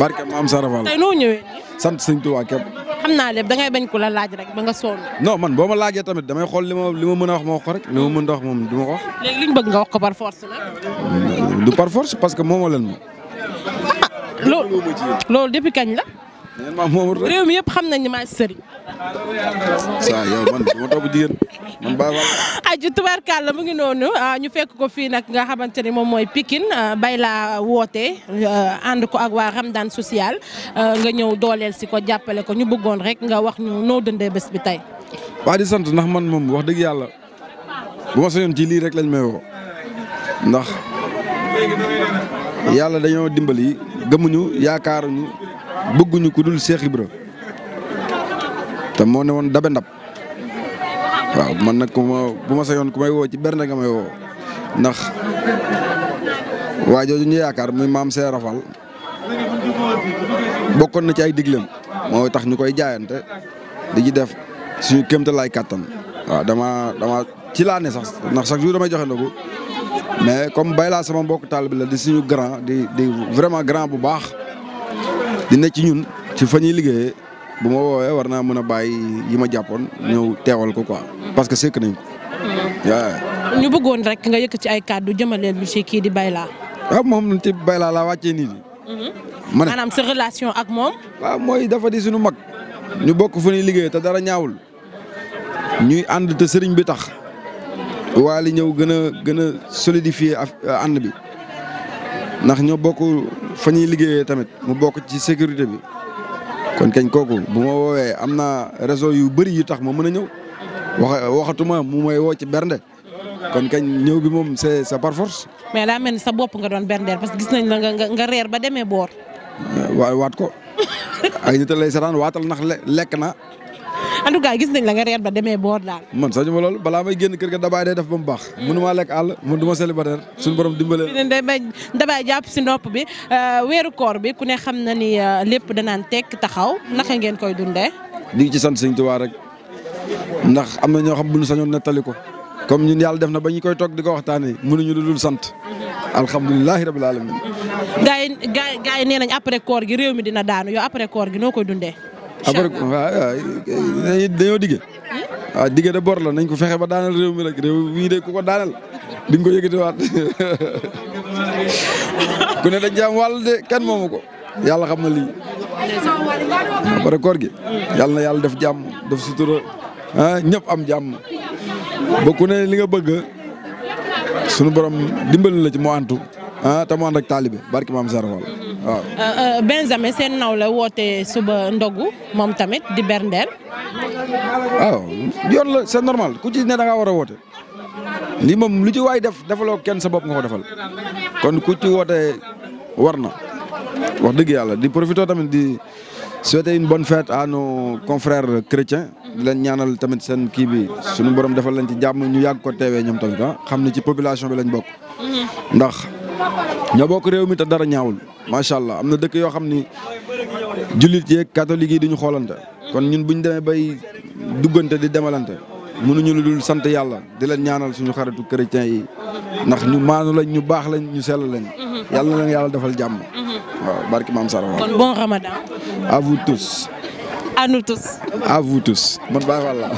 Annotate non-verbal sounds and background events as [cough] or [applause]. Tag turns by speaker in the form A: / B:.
A: barke maam Sara Fall tey noo ñëwee. sant sëñ Tuubaa képp.
B: xam naa lépp dangay bañ ku la laaj rek ba nga sonn.
A: non man boo ma laajee tamit damay xool li ma li ma mën a wax ma wax ko rek li ma mën a wax moom du ma ko wax.
B: bëgg nga wax ko par force
A: la. du par force parce que moomoo leen moom.
B: loolu loolu depuis kañ la. réew mi yëpp xam nañ ne maa sëriñ
A: saa yow man du ma topp jigéen man baax
B: aju tubaarkàlla mu ngi noonu ah, ñu fekk ko fii nag nga xamante ni moom mooy Pikine ah, bay laa woote ah, ànd ko ak waa Ramadan social nga ñëw dooleel si ko jàppale ko ñu bëggoon rek nga wax ñu noo dëndee bés bi tey.
A: waa di sant ndax man moom wax dëgg yàlla bu ma soñoon ci lii rek lañ may woo ndax yàlla dañoo dimbali gëmuñu yaakaaruñu bëgguñu ku dul Cheikh te moo woon dabe waaw man nag ku ma bu ma sa yoon may woo ci bernde nga may woo ndax waa jooju ñu yaakaar muy maam Seera Fall bokkoon na ci ay diglem moo tax ñu koy jaayante di ci def suñu kéemtalaay kàttan waaw dama dama ci laa ne sax ndax chaque jour damay joxe ndogu mais comme bay laa sama mbokk taalibe la di suñu grand di di vraiment grand bu baax di ne ci ñun ci fa ñuy liggéeyee bu ma woowee war naa mën a bàyyi yi ma jàppoon ñëw teewal ko quoi parce que sekk nañ ko. Hmm.
B: ñu bëggoon rek nga yëkk ci ay kàddu jëmaleel bi ci kii di Bayla.
A: waaw ah, moom ci Bayla laa wàcce nii. Hmm. ma ne maanaam sa relation ak moom. Ah, mooy dafa di suñu mag. ñu bokk fu liggéey te dara ñaawul. ñuy ànd te bi tax. waa ñëw gën a gën a solidifier euh, ànd bi. ndax ñoo bokk fa ñuy liggéeyee tamit mu bokk ci sécurité bi. kon kañ kooku bu ma woowee am naa réseau yu bëri yu tax ma mën a ñëw waxa waxatuma mu may woo ci bernde kon kañ ñëw bi moom se sa par force.
B: mais daa mel ni sa bopp nga doon berndeel parce que gis nañ la nga nga reer ba demee boor.
A: waay waat ko [laughs] ay nit lay saraan waatal nax lekk na
B: en tout gis nañ la nga reer ba demee boor daal.
A: man sañu ma loolu balaa may génn kër ga dabaay day def ba mu baax. mënumaa lekk àll man ma célibataire suñu borom dimbale.
B: dabaay jàpp si nopp bi euh, weeru koor bi ku ne xam na ni euh, lépp danaan tekk taxaw naka ngeen koy dunde
A: di ci sant Sëñ Tuubaa rek ndax am na ñoo xam bu ñu sañoon nettali ko comme ñun yàlla def na ba ñu koy toog di ko waxtaanee mënuñu lu dul sant. alhamdulilahi rabbil alamin.
B: gars yi gars yi nee nañ après koor gi réew mi dina daanu yow koor gi noo koy dundee.
A: après waaw dañoo digge waaw hmm? ah, digge de bor la nañ ko fexe ba daanal réew mi rek réew de ku ko daanal di nga ko yëkkatiwaat
B: [laughs]
A: ku ne dañ jaam wàll de kenn moomu ko yàlla xam na lii après koor gi yàlla na yàlla def jàmm def sutura ah ñëpp am jàmm ba ku ne li nga bëgg sunu borom dimbali la ci moo antu ah te mu ànd ak taalibe barki maam Sara waaw
B: euh, euh, Benjamin seen naw la woote suba ndogu moom tamit di berndeel.
A: waaw ah, yoon la c'est normal ku ci ne da ngaa war a woote lii moom lu ci waay def defaloo kenn sa bopp nga ko defal kon ku ci woote war na wax dëgg yàlla di profité tamit di souhaiter une bonne fête à nos confrères chrétiens. di ñaanal tamit seen kii bi suñu borom defal lañ ci jàmm ñu yàgg ko teewee ñoom tamit ah xam ne ci population bi lañ bokk. Mm-hmm. ndax ñoo bokk réew mi dara ñaawul. macha allah am na dëkk yoo xam ni jullit yeeg catholique yi duñu xoolante kon ñun bu ñu demee bay duggante di demalante mënuñu lu dul sant yàlla di leen ñaanal suñu xaritu chrétiens yi ndax ñu maanu lañ ñu baax lañ ñu sell lañ yàlla na yàlla defal jàmm waaw barki maam Sara kon bon ramadan à vous tous à nous tous à baax wàlla